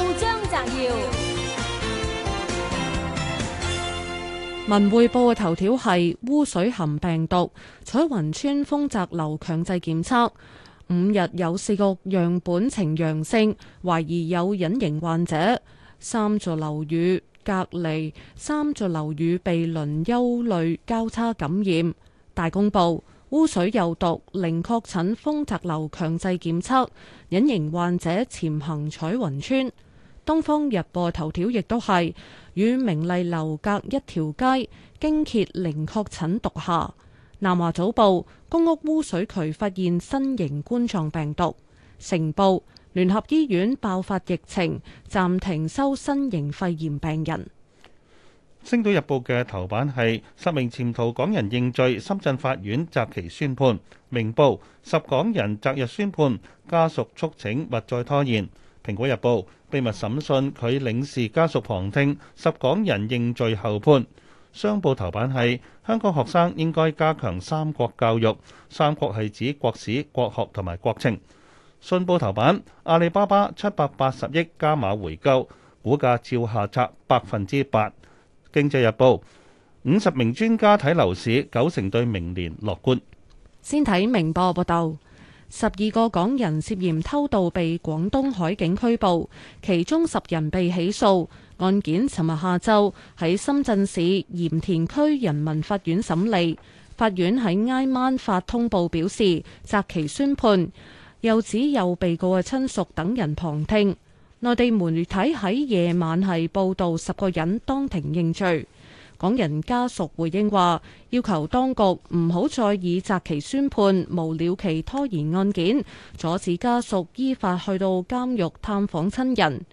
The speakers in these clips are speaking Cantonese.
報章摘要，文匯報嘅頭條係污水含病毒，彩雲村豐澤樓強制檢測五日有四個樣本呈陽性，懷疑有隱形患者。三座樓宇隔離，三座樓宇被輪憂慮交叉感染。大公報污水有毒，零確診豐澤樓強制檢測，隱形患者潛行彩雲村。《東方日報》頭條亦都係與明麗樓隔一條街，驚揭零確診毒下。《南華早報》公屋污水渠發現新型冠狀病毒。《成報》聯合醫院爆發疫情，暫停收新型肺炎病人。《星島日報》嘅頭版係十名潛逃港人認罪，深圳法院擇期宣判。《明報》十港人擇日宣判，家屬促請勿再拖延。《蘋果日報》秘密審訊拒領事家屬旁聽，十港人認罪候判。商報頭版係香港學生應該加強三國教育，三國係指國史、國學同埋國情。信報頭版阿里巴巴七百八十億加碼回購，股價照下挫百分之八。經濟日報五十名專家睇樓市，九成對明年樂觀。先睇明報報道。十二個港人涉嫌偷渡被廣東海警拘捕，其中十人被起訴。案件尋日下晝喺深圳市鹽田區人民法院審理，法院喺挨晚發通報表示擇期宣判，又指有被告嘅親屬等人旁聽。內地媒體喺夜晚係報道，十個人當庭認罪。港人家屬回應話，要求當局唔好再以擇期宣判無了期拖延案件，阻止家屬依法去到監獄探訪親人。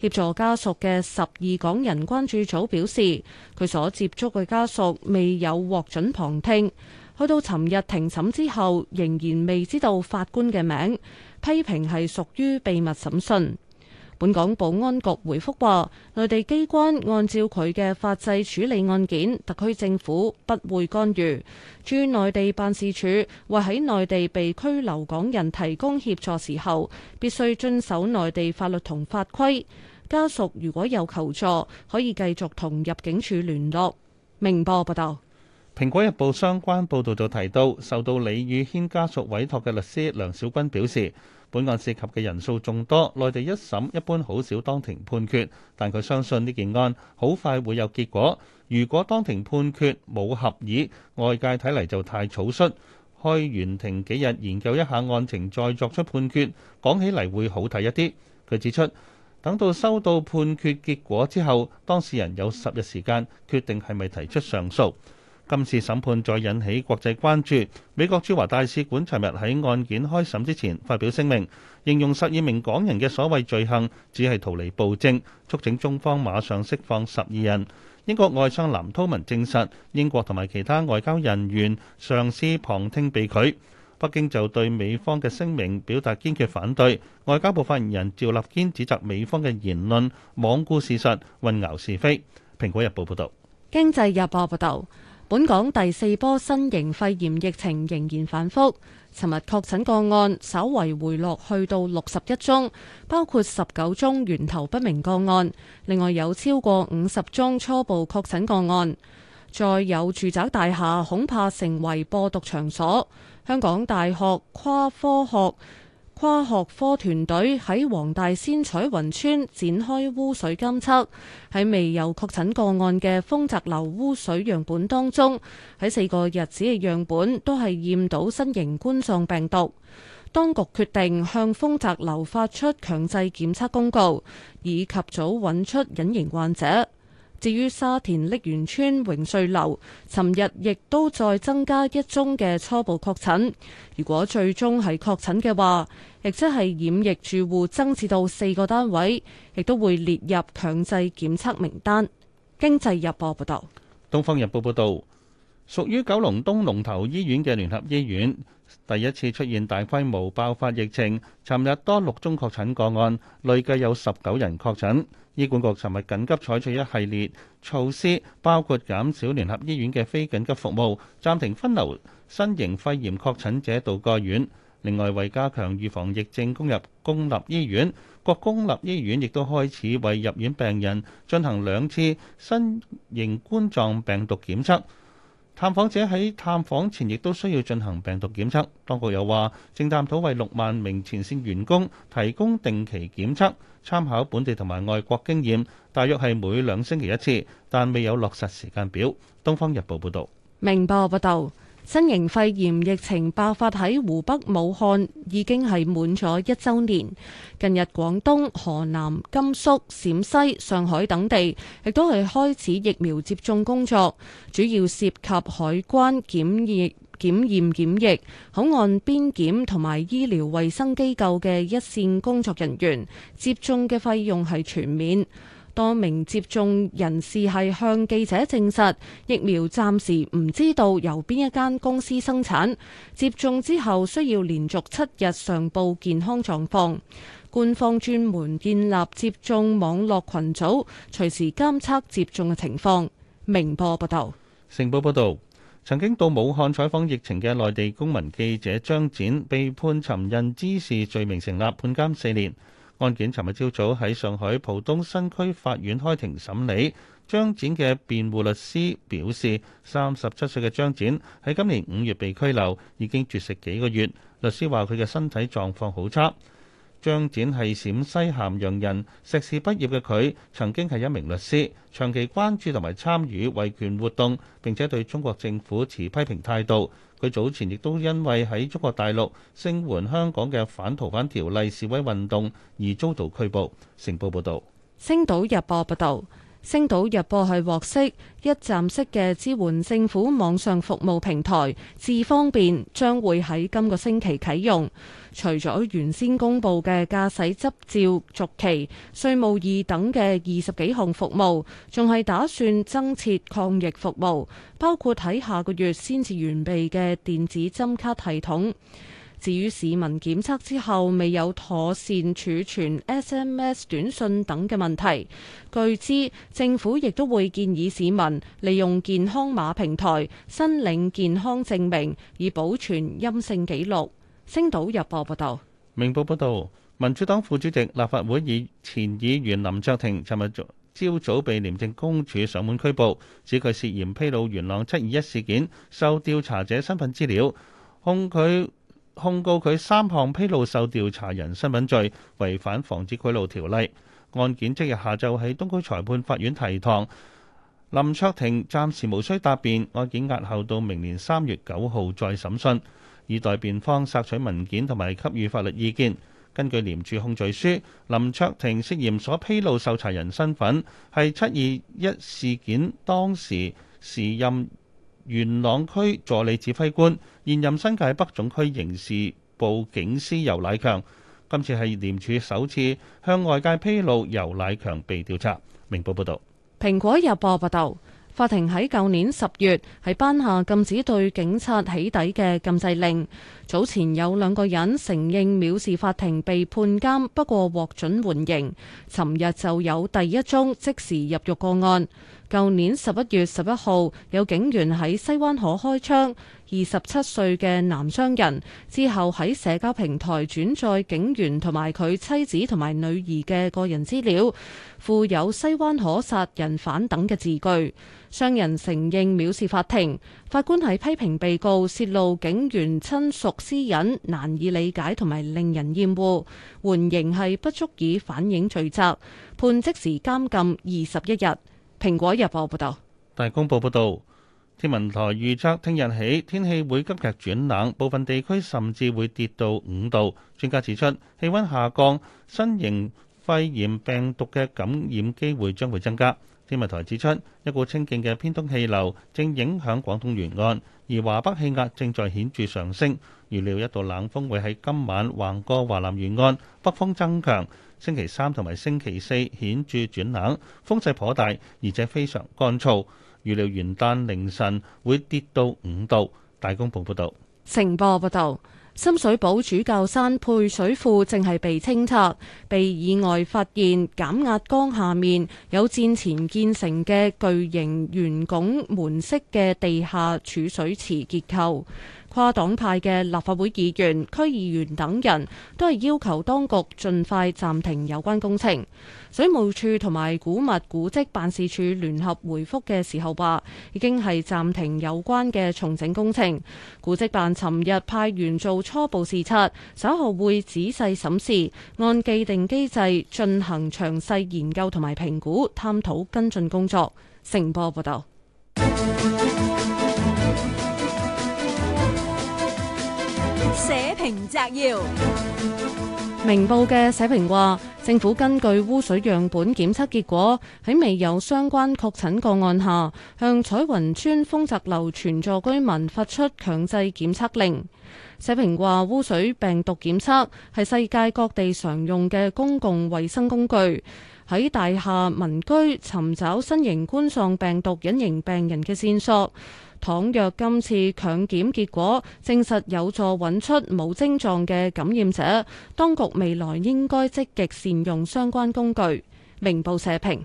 協助家屬嘅十二港人關注組表示，佢所接觸嘅家屬未有獲准旁聽，去到尋日庭審之後，仍然未知道法官嘅名，批評係屬於秘密審訊。本港保安局回覆話，內地機關按照佢嘅法制處理案件，特區政府不會干預。駐內地辦事處為喺內地被拘留港人提供協助時候，必須遵守內地法律同法規。家屬如果有求助，可以繼續同入境處聯絡。明報報道，《蘋果日報》相關報導就提到，受到李宇軒家屬委託嘅律師梁小軍表示。本案涉及嘅人數眾多，內地一審一般好少當庭判決，但佢相信呢件案好快會有結果。如果當庭判決冇合議，外界睇嚟就太草率，開完庭幾日研究一下案情，再作出判決，講起嚟會好睇一啲。佢指出，等到收到判決結果之後，當事人有十日時間決定係咪提出上訴。今次審判再引起國際關注，美國駐華大使館尋日喺案件開審之前發表聲明，形容十二名港人嘅所謂罪行只係逃離暴政，促請中方馬上釋放十二人。英國外相藍韜文證實，英國同埋其他外交人員嘗試旁聽被拒。北京就對美方嘅聲明表達堅決反對，外交部發言人趙立堅指責美方嘅言論罔顧事實，混淆是非。《蘋果日報》報道。《經濟日報》報道。本港第四波新型肺炎疫情仍然反覆，尋日確診個案稍為回落，去到六十一宗，包括十九宗源頭不明個案，另外有超過五十宗初步確診個案，再有住宅大廈恐怕成為播毒場所。香港大學跨科學。跨學科團隊喺黃大仙彩雲村展開污水監測，喺未有確診個案嘅豐澤樓污水樣本當中，喺四個日子嘅樣本都係驗到新型冠狀病毒。當局決定向豐澤樓發出強制檢測公告，以及早揾出隱形患者。至於沙田瀝源邨榮瑞樓，尋日亦都再增加一宗嘅初步確診。如果最終係確診嘅話，亦即係染疫住戶增至到四個單位，亦都會列入強制檢測名單。經濟日報報道。東方日報報道。屬於九龍東龍頭醫院嘅聯合醫院第一次出現大規模爆發疫情。尋日多六宗確診個案，累計有十九人確診。醫管局尋日緊急採取一系列措施，包括減少聯合醫院嘅非緊急服務，暫停分流新型肺炎確診者到個院。另外，為加強預防疫症攻入公立醫院，各公立醫院亦都開始為入院病人進行兩次新型冠狀病毒檢測。探訪者喺探訪前亦都需要進行病毒檢測。當局又話，正探討為六萬名前線員工提供定期檢測，參考本地同埋外國經驗，大約係每兩星期一次，但未有落實時間表。《東方日報》報道。明報報導。新型肺炎疫情爆發喺湖北武漢已經係滿咗一周年。近日，廣東、河南、甘肅、陝西、上海等地亦都係開始疫苗接種工作，主要涉及海關檢疫、檢驗檢疫、口岸邊檢同埋醫療衛生機構嘅一線工作人員，接種嘅費用係全免。多名接種人士係向記者證實，疫苗暫時唔知道由邊一間公司生產。接種之後需要連續七日上報健康狀況。官方專門建立接種網絡群組，隨時監測接種嘅情況。明報報道，成報報道，曾經到武漢採訪疫情嘅內地公民記者張展被判尋釁滋事罪名成立，判監四年。案件尋日朝早喺上，上海浦東新區法院開庭審理。張展嘅辯護律師表示，三十七歲嘅張展喺今年五月被拘留，已經絕食幾個月。律師話佢嘅身體狀況好差。張展係陝西咸陽人，碩士畢業嘅佢曾經係一名律師，長期關注同埋參與維權活動，並且對中國政府持批評態度。佢早前亦都因為喺中國大陸聲援香港嘅反逃犯條例示威運動而遭到拘捕。成報報道，《星島日報》報道。星島日報係獲悉，一站式嘅支援政府網上服務平台智方便，將會喺今個星期啟用。除咗原先公佈嘅駕駛執照續期、稅務易等嘅二十幾項服務，仲係打算增設抗疫服務，包括睇下個月先至完備嘅電子針卡系統。至於市民檢測之後未有妥善儲存 SMS 短信等嘅問題，據知政府亦都會建議市民利用健康碼平台申領健康證明，以保存陰性記錄。星島日報報道：「明報報道，民主黨副主席立法會議前議員林卓廷，尋日早朝早被廉政公署上門拘捕，指佢涉嫌披露元朗七二一事件受調查者身份資料，控佢。控告佢三項披露受調查人身份罪，違反防止賄賂條例。案件即日下晝喺東區裁判法院提堂，林卓廷暫時無需答辯，案件押後到明年三月九號再審訊，以待辯方索取文件同埋給予法律意見。根據廉署控罪書，林卓廷涉嫌所披露受查人身份係七二一事件當時時任，元朗區助理指揮官、現任新界北總區刑事部警司游乃強，今次係廉署首次向外界披露游乃強被調查。明報報道，蘋果日報報道，法庭喺舊年十月頒下禁止對警察起底嘅禁制令。早前有兩個人承認藐視法庭被判監，不過獲准緩刑。尋日就有第一宗即時入獄個案。舊年十一月十一號，有警員喺西灣河開槍，二十七歲嘅男商人之後喺社交平台轉載警員同埋佢妻子同埋女兒嘅個人資料，附有西灣河殺人犯等嘅字句。商人承認藐視法庭，法官係批評被告泄露警員親屬私隱，難以理解同埋令人厭惡，緩刑係不足以反映罪責，判即時監禁二十一日。蘋果日報報道，大公報報道，天文台預測聽日起天氣會急劇轉冷，部分地區甚至會跌到五度。專家指出，氣溫下降，新型肺炎病毒嘅感染機會將會增加。天文台指出，一股清勁嘅偏東氣流正影響廣東沿岸，而華北氣壓正在顯著上升，預料一道冷鋒會喺今晚橫過華南沿岸，北風增強。星期三同埋星期四顯著轉冷，風勢頗大，而且非常乾燥。預料元旦凌晨會跌到五度。大公報報道：「《成報》報道，深水埗主教山配水庫正係被清拆，被意外發現減壓缸下面有戰前建成嘅巨型圓拱門式嘅地下儲水池結構。跨黨派嘅立法會議員、區議員等人都係要求當局盡快暫停有關工程。水務署同埋古物古蹟辦事處聯合回覆嘅時候話，已經係暫停有關嘅重整工程。古蹟辦尋日派員做初步視察，稍後會仔細審視，按既定機制進行詳細研究同埋評估，探討跟進工作。成波報道。社評摘要：明報嘅社評話，政府根據污水樣本檢測結果，喺未有相關確診個案下，向彩雲邨豐澤樓全座居民發出強制檢測令。社評話，污水病毒檢測係世界各地常用嘅公共衛生工具，喺大廈民居尋找新型冠狀病毒隱形病人嘅線索。倘若今次強檢結果證實有助揾出冇症狀嘅感染者，當局未來應該積極善用相關工具。明報社評，《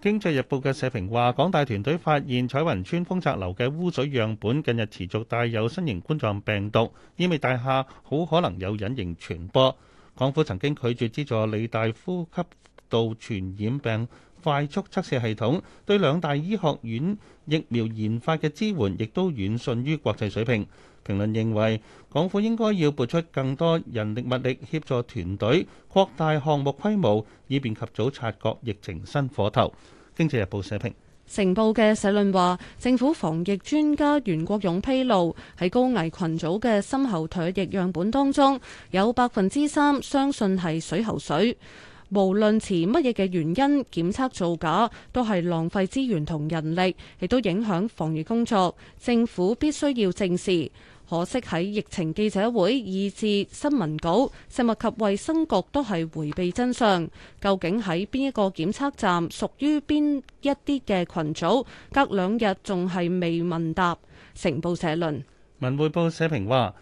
經濟日報》嘅社評話：港大團隊發現彩雲邨豐澤樓嘅污水樣本近日持續帶有新型冠狀病毒，意味大廈好可能有隱形傳播。港府曾經拒絕資助理大呼吸道傳染病快速測試系統對兩大醫學院疫苗研發嘅支援，亦都遠遜於國際水平。評論認為，港府應該要撥出更多人力物力協助團隊擴大項目規模，以便及早察覺疫情新火頭。《經濟日報》社評，成報嘅社論話，政府防疫專家袁國勇披露，喺高危群組嘅深喉唾液樣本當中有百分之三相信係水喉水。無論持乜嘢嘅原因，檢測造假都係浪費資源同人力，亦都影響防疫工作。政府必須要正視。可惜喺疫情記者會以至新聞稿，食物及衛生局都係迴避真相。究竟喺邊一個檢測站，屬於邊一啲嘅群組？隔兩日仲係未問答。成報社論，文匯報社評話。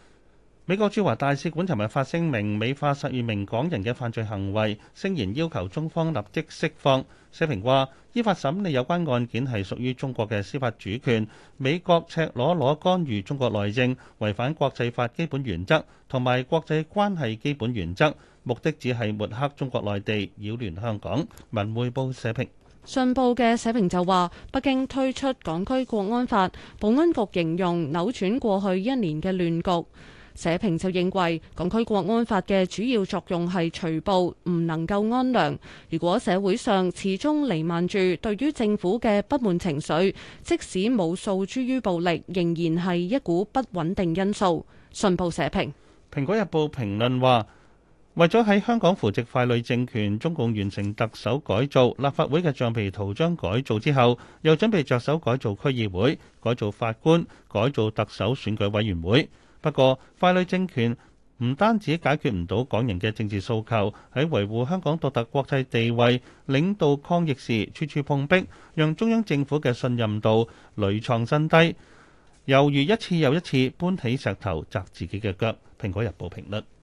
美國駐華大使館尋日發聲明，美化十二名港人嘅犯罪行為，聲言要求中方立即釋放。社評話：依法審理有關案件係屬於中國嘅司法主權，美國赤裸裸干預中國內政，違反國際法基本原則同埋國際關係基本原則，目的只係抹黑中國內地、擾亂香港。文匯報社評。信報嘅社評就話：北京推出港區國安法，保安局形容扭轉過去一年嘅亂局。社評就認為，港區國安法嘅主要作用係除暴，唔能夠安良。如果社會上始終彌漫住對於政府嘅不滿情緒，即使冇訴諸於暴力，仍然係一股不穩定因素。信報社評。《蘋果日報》評論話，為咗喺香港扶植傀儡政權，中共完成特首改造，立法會嘅橡皮圖章改造之後，又準備着手改造區議會、改造法官、改造特首選舉委員會。不過，傀儡政權唔單止解決唔到港人嘅政治訴求，喺維護香港獨特國際地位、領導抗疫時處處碰壁，讓中央政府嘅信任度屢創新低，猶如一次又一次搬起石頭砸自己嘅腳。《蘋果日報》評論。